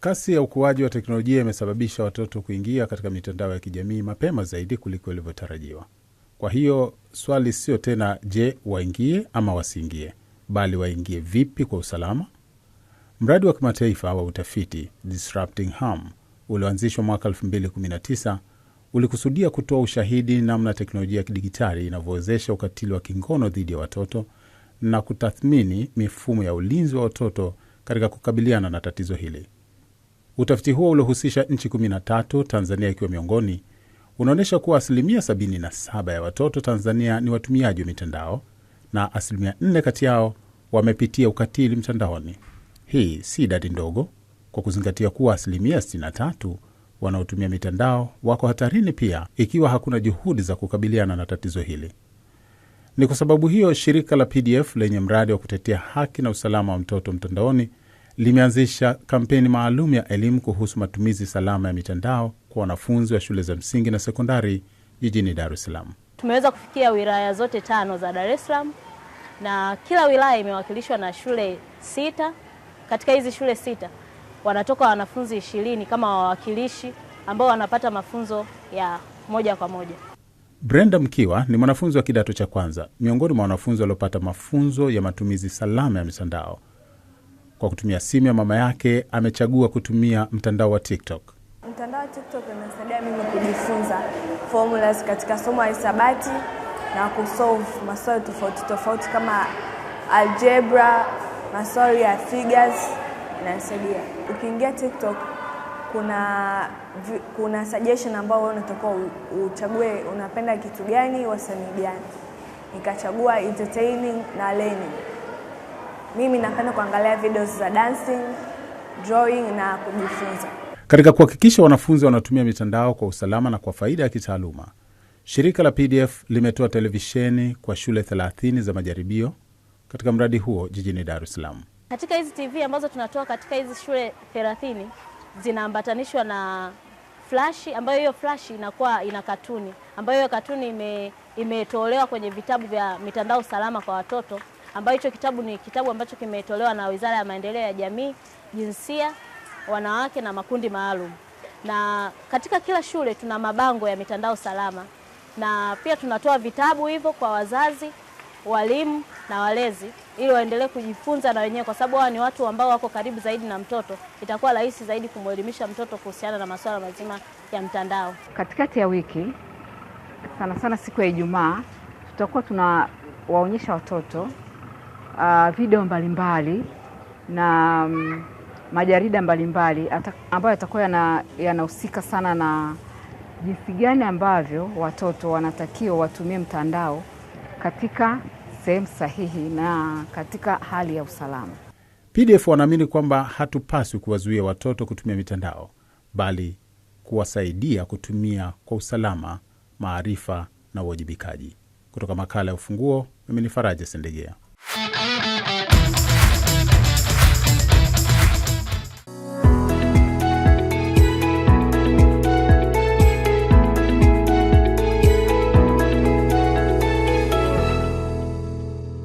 Kasi ya ukuaji wa teknolojia imesababisha watoto kuingia katika mitandao ya kijamii mapema zaidi kuliko ilivyotarajiwa. Kwa hiyo swali sio tena je, waingie ama wasiingie, bali waingie vipi kwa usalama. Mradi wa kimataifa wa utafiti Disrupting Harm ulioanzishwa mwaka 2019 ulikusudia kutoa ushahidi namna teknolojia ya kidigitali inavyowezesha ukatili wa kingono dhidi ya watoto na kutathmini mifumo ya ulinzi wa watoto katika kukabiliana na tatizo hili. Utafiti huo uliohusisha nchi 13 Tanzania ikiwa miongoni, unaonyesha kuwa asilimia 77 ya watoto Tanzania ni watumiaji wa mitandao na asilimia 4 kati yao wamepitia ukatili mtandaoni. Hii si idadi ndogo kwa kuzingatia kuwa asilimia 63 wanaotumia mitandao wako hatarini pia, ikiwa hakuna juhudi za kukabiliana na tatizo hili. Ni kwa sababu hiyo shirika la PDF lenye mradi wa kutetea haki na usalama wa mtoto mtandaoni limeanzisha kampeni maalum ya elimu kuhusu matumizi salama ya mitandao kwa wanafunzi wa shule za msingi na sekondari jijini Dar es Salaam. Tumeweza kufikia wilaya zote tano za Dar es Salaam na kila wilaya imewakilishwa na shule sita. Katika hizi shule sita wanatoka wanafunzi ishirini kama wawakilishi ambao wanapata mafunzo ya moja kwa moja. Brenda Mkiwa ni mwanafunzi wa kidato cha kwanza, miongoni mwa wanafunzi waliopata mafunzo ya matumizi salama ya mitandao. Kwa kutumia simu ya mama yake, amechagua kutumia mtandao wa TikTok. Mtandao wa TikTok imesaidia mimi kujifunza formulas katika somo la hisabati na kusolve maswali tofauti tofauti kama algebra, maswali ya figures inasaidia. Ukiingia TikTok kuna kuna suggestion ambao wewe unatakiwa uchague unapenda kitu gani, wasanii gani. Nikachagua entertaining na learning. Mimi napenda kuangalia videos za dancing, drawing na kujifunza. Katika kuhakikisha wanafunzi wanatumia mitandao kwa usalama na kwa faida ya kitaaluma, shirika la PDF limetoa televisheni kwa shule 30 za majaribio katika mradi huo jijini Dar es Salaam. Katika hizi TV ambazo tunatoa katika hizi shule 30 zinaambatanishwa na flash ambayo hiyo flash inakuwa ina katuni ambayo hiyo katuni imetolewa ime kwenye vitabu vya mitandao salama kwa watoto ambayo hicho kitabu ni kitabu ambacho kimetolewa na Wizara ya Maendeleo ya Jamii, Jinsia, Wanawake na Makundi Maalum. Na katika kila shule tuna mabango ya mitandao salama na pia tunatoa vitabu hivyo kwa wazazi, walimu na walezi ili waendelee kujifunza na wenyewe, kwa sababu hawa ni watu ambao wako karibu zaidi na mtoto. Itakuwa rahisi zaidi kumwelimisha mtoto kuhusiana na masuala mazima ya mtandao. Katikati ya wiki, sana sana siku ya Ijumaa, tutakuwa tunawaonyesha watoto uh, video mbalimbali mbali, na um, majarida mbalimbali mbali, ambayo yatakuwa yanahusika sana na jinsi gani ambavyo watoto wanatakiwa watumie mtandao katika sehemu sahihi na katika hali ya usalama. PDF wanaamini kwamba hatupaswi kuwazuia watoto kutumia mitandao, bali kuwasaidia kutumia kwa usalama, maarifa na uwajibikaji. Kutoka makala ya Ufunguo, mimi ni Faraja Sendegea. Thank you.